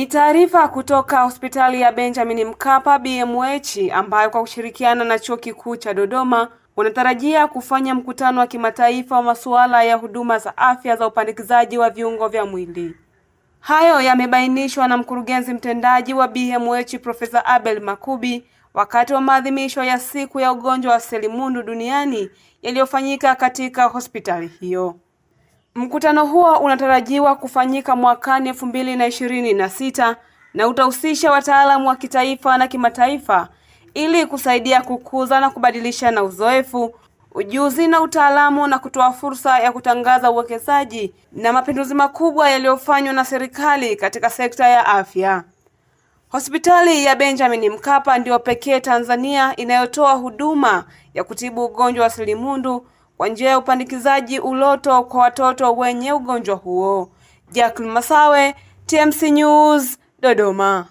Ni taarifa kutoka hospitali ya Benjamin Mkapa BMH ambayo kwa kushirikiana na Chuo Kikuu cha Dodoma wanatarajia kufanya mkutano wa kimataifa wa masuala ya huduma za afya za upandikizaji wa viungo vya mwili. Hayo yamebainishwa na mkurugenzi mtendaji wa BMH Profesa Abel Makubi wakati wa maadhimisho ya siku ya ugonjwa wa selimundu duniani yaliyofanyika katika hospitali hiyo. Mkutano huo unatarajiwa kufanyika mwakani elfu mbili na ishirini na sita na utahusisha wataalamu wa kitaifa na kimataifa ili kusaidia kukuza na kubadilishana uzoefu, ujuzi na utaalamu na kutoa fursa ya kutangaza uwekezaji na mapinduzi makubwa yaliyofanywa na serikali katika sekta ya afya. Hospitali ya Benjamin Mkapa ndiyo pekee Tanzania inayotoa huduma ya kutibu ugonjwa wa selimundu kwa njia ya upandikizaji uloto kwa watoto wenye ugonjwa huo. Jacqueline Masawe, TMC News, Dodoma.